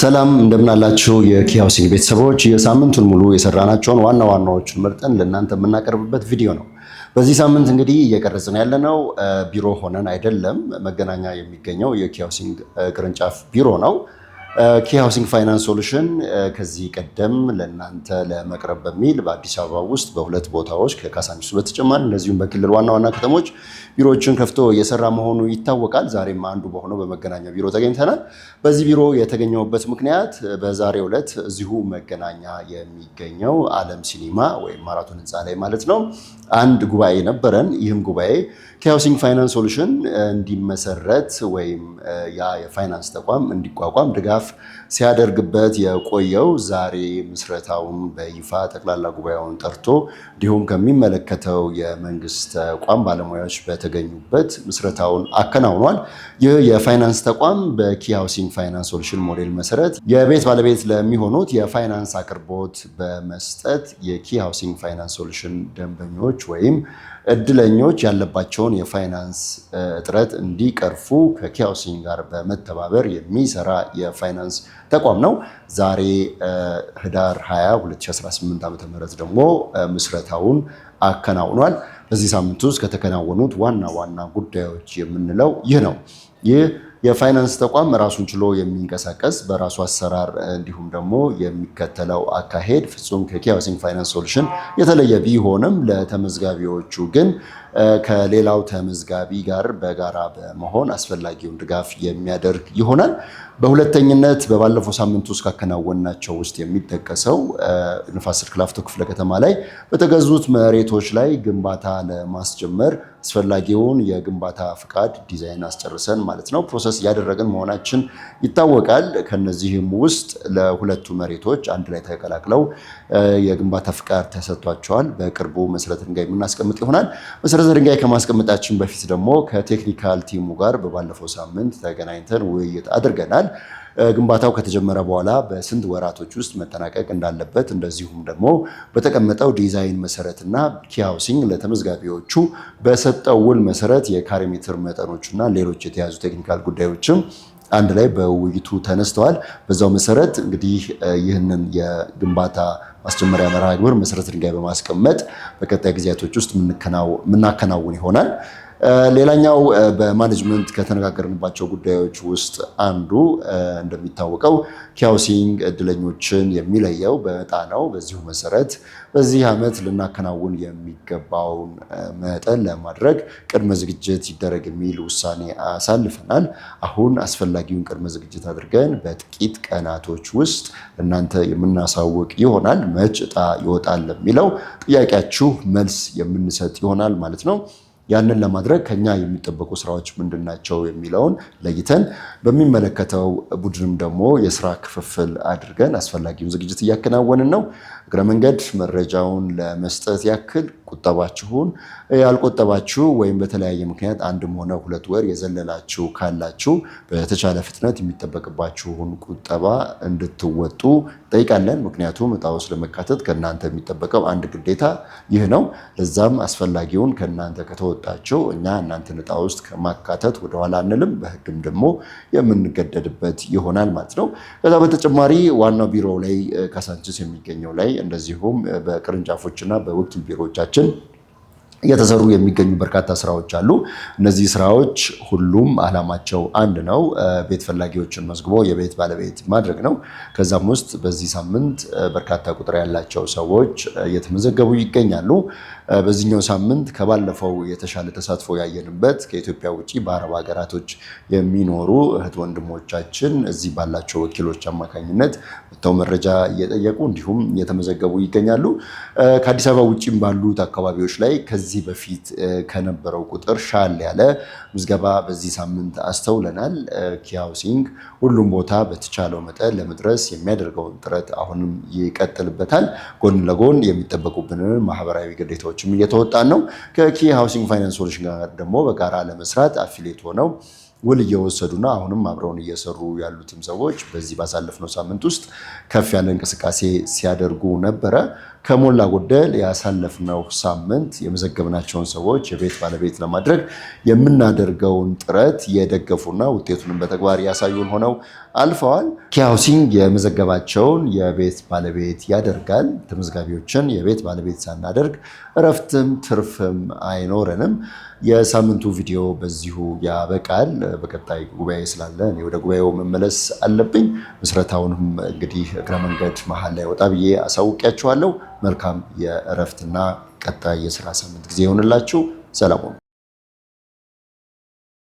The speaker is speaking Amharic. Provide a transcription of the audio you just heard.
ሰላም እንደምናላችሁ አላችሁ የኪ ሃውሲንግ ቤተሰቦች፣ የሳምንቱን ሙሉ የሰራናቸውን ዋና ዋናዎቹን መርጠን ለእናንተ የምናቀርብበት ቪዲዮ ነው። በዚህ ሳምንት እንግዲህ እየቀረጽን ያለነው ቢሮ ሆነን አይደለም። መገናኛ የሚገኘው የኪ ቅርንጫፍ ቢሮ ነው። ኪ ሃውሲንግ ፋይናንስ ሶሉሽን ከዚህ ቀደም ለእናንተ ለመቅረብ በሚል በአዲስ አበባ ውስጥ በሁለት ቦታዎች ከካሳንቺስ በተጨማሪ እንደዚሁም በክልል ዋና ዋና ከተሞች ቢሮዎችን ከፍቶ እየሰራ መሆኑ ይታወቃል። ዛሬም አንዱ በሆነው በመገናኛ ቢሮ ተገኝተናል። በዚህ ቢሮ የተገኘሁበት ምክንያት በዛሬው ዕለት እዚሁ መገናኛ የሚገኘው ዓለም ሲኒማ ወይም ማራቶን ህንፃ ላይ ማለት ነው አንድ ጉባኤ ነበረን። ይህም ጉባኤ ኪ ፋይናንስ ሶሉሽን እንዲመሰረት ወይም ያ የፋይናንስ ተቋም እንዲቋቋም ድጋፍ ሲያደርግበት የቆየው ዛሬ ምስረታውን በይፋ ጠቅላላ ጉባኤውን ጠርቶ እንዲሁም ከሚመለከተው የመንግስት ተቋም ባለሙያዎች በተገኙበት ምስረታውን አከናውኗል። ይህ የፋይናንስ ተቋም በኪ ሃውሲንግ ፋይናንስ ሶሉሽን ሞዴል መሰረት የቤት ባለቤት ለሚሆኑት የፋይናንስ አቅርቦት በመስጠት የኪ ሃውሲንግ ፋይናንስ ሶሉሽን ደንበኞች ወይም እድለኞች ያለባቸውን የፋይናንስ እጥረት እንዲቀርፉ ከኪያውሲን ጋር በመተባበር የሚሰራ የፋይናንስ ተቋም ነው። ዛሬ ህዳር 20 2018 ዓ ም ደግሞ ምስረታውን አከናውኗል። በዚህ ሳምንት ውስጥ ከተከናወኑት ዋና ዋና ጉዳዮች የምንለው ይህ ነው። ይህ የፋይናንስ ተቋም ራሱን ችሎ የሚንቀሳቀስ በራሱ አሰራር እንዲሁም ደግሞ የሚከተለው አካሄድ ፍጹም ከኪ ሃውሲንግ ፋይናንስ ሶሉሽን የተለየ ቢሆንም ለተመዝጋቢዎቹ ግን ከሌላው ተመዝጋቢ ጋር በጋራ በመሆን አስፈላጊውን ድጋፍ የሚያደርግ ይሆናል። በሁለተኝነት በባለፈው ሳምንት ውስጥ ካከናወናቸው ውስጥ የሚጠቀሰው ንፋስ ስልክ ላፍቶ ክፍለ ከተማ ላይ በተገዙት መሬቶች ላይ ግንባታ ለማስጀመር አስፈላጊውን የግንባታ ፍቃድ ዲዛይን አስጨርሰን ማለት ነው ፕሮሰስ እያደረግን መሆናችን ይታወቃል። ከነዚህም ውስጥ ለሁለቱ መሬቶች አንድ ላይ ተቀላቅለው የግንባታ ፍቃድ ተሰጥቷቸዋል። በቅርቡ መሰረተ ድንጋይ የምናስቀምጥ ይሆናል። መሰረተ ድንጋይ ከማስቀመጣችን በፊት ደግሞ ከቴክኒካል ቲሙ ጋር በባለፈው ሳምንት ተገናኝተን ውይይት አድርገናል። ግንባታው ከተጀመረ በኋላ በስንት ወራቶች ውስጥ መጠናቀቅ እንዳለበት እንደዚሁም ደግሞ በተቀመጠው ዲዛይን መሰረትና ኪሃውሲንግ ለተመዝጋቢዎቹ በሰጠው ውል መሰረት የካሬ ሜትር መጠኖችና ሌሎች የተያዙ ቴክኒካል ጉዳዮችም አንድ ላይ በውይይቱ ተነስተዋል። በዛው መሰረት እንግዲህ ይህንን የግንባታ ማስጀመሪያ መርሃ ግብር መሰረት ድንጋይ በማስቀመጥ በቀጣይ ጊዜያቶች ውስጥ የምናከናውን ይሆናል። ሌላኛው በማኔጅመንት ከተነጋገርንባቸው ጉዳዮች ውስጥ አንዱ እንደሚታወቀው ኪያውሲንግ እድለኞችን የሚለየው በዕጣ ነው። በዚሁ መሰረት በዚህ ዓመት ልናከናውን የሚገባውን መጠን ለማድረግ ቅድመ ዝግጅት ይደረግ የሚል ውሳኔ አሳልፈናል። አሁን አስፈላጊውን ቅድመ ዝግጅት አድርገን በጥቂት ቀናቶች ውስጥ እናንተ የምናሳውቅ ይሆናል። መች ዕጣ ይወጣል የሚለው ጥያቄያችሁ መልስ የምንሰጥ ይሆናል ማለት ነው። ያንን ለማድረግ ከኛ የሚጠበቁ ስራዎች ምንድን ናቸው የሚለውን ለይተን በሚመለከተው ቡድንም ደግሞ የስራ ክፍፍል አድርገን አስፈላጊውን ዝግጅት እያከናወንን ነው። እግረ መንገድ መረጃውን ለመስጠት ያክል ቁጠባችሁን ያልቆጠባችሁ ወይም በተለያየ ምክንያት አንድም ሆነ ሁለት ወር የዘለላችሁ ካላችሁ በተቻለ ፍጥነት የሚጠበቅባችሁን ቁጠባ እንድትወጡ ጠይቃለን። ምክንያቱም እጣ ውስጥ ለመካተት ከእናንተ የሚጠበቀው አንድ ግዴታ ይህ ነው። ለዛም አስፈላጊውን ከእናንተ ከተወጣችሁ እኛ እናንተን እጣ ውስጥ ከማካተት ወደኋላ አንልም። በህግም ደግሞ የምንገደድበት ይሆናል ማለት ነው። ከዛ በተጨማሪ ዋናው ቢሮ ላይ ካሳንችስ የሚገኘው ላይ እንደዚሁም በቅርንጫፎችና በወኪል ቢሮዎቻችን እየተሰሩ የሚገኙ በርካታ ስራዎች አሉ። እነዚህ ስራዎች ሁሉም አላማቸው አንድ ነው፣ ቤት ፈላጊዎችን መዝግቦ የቤት ባለቤት ማድረግ ነው። ከዛም ውስጥ በዚህ ሳምንት በርካታ ቁጥር ያላቸው ሰዎች እየተመዘገቡ ይገኛሉ። በዚህኛው ሳምንት ከባለፈው የተሻለ ተሳትፎ ያየንበት ከኢትዮጵያ ውጭ በአረብ ሀገራቶች የሚኖሩ እህት ወንድሞቻችን እዚህ ባላቸው ወኪሎች አማካኝነት መጥተው መረጃ እየጠየቁ እንዲሁም እየተመዘገቡ ይገኛሉ። ከአዲስ አበባ ውጭም ባሉት አካባቢዎች ላይ ከዚህ በፊት ከነበረው ቁጥር ሻል ያለ ምዝገባ በዚህ ሳምንት አስተውለናል። ኪያውሲንግ ሁሉም ቦታ በተቻለው መጠን ለመድረስ የሚያደርገውን ጥረት አሁንም ይቀጥልበታል። ጎን ለጎን የሚጠበቁብንን ማህበራዊ ግዴታዎች ኃላፊነቶችም እየተወጣን ነው። ከኪ ሃውሲንግ ፋይናንስ ሶሉሽን ጋር ደግሞ በጋራ ለመስራት አፊሌት ሆነው ውል እየወሰዱና አሁንም አብረውን እየሰሩ ያሉትም ሰዎች በዚህ ባሳለፍነው ሳምንት ውስጥ ከፍ ያለ እንቅስቃሴ ሲያደርጉ ነበረ። ከሞላ ጎደል ያሳለፍነው ሳምንት የመዘገብናቸውን ሰዎች የቤት ባለቤት ለማድረግ የምናደርገውን ጥረት የደገፉና ውጤቱንም በተግባር ያሳዩን ሆነው አልፈዋል። ኪሃውሲንግ የመዘገባቸውን የቤት ባለቤት ያደርጋል። ተመዝጋቢዎችን የቤት ባለቤት ሳናደርግ እረፍትም ትርፍም አይኖረንም። የሳምንቱ ቪዲዮ በዚሁ ያበቃል። በቀጣይ ጉባኤ ስላለ እኔ ወደ ጉባኤው መመለስ አለብኝ። ምስረታውንም እንግዲህ እግረ መንገድ መሀል ላይ ወጣ ብዬ አሳውቂያችኋለሁ። መልካም የእረፍትና ቀጣይ የስራ ሳምንት ጊዜ ይሆንላችሁ። ሰላሙን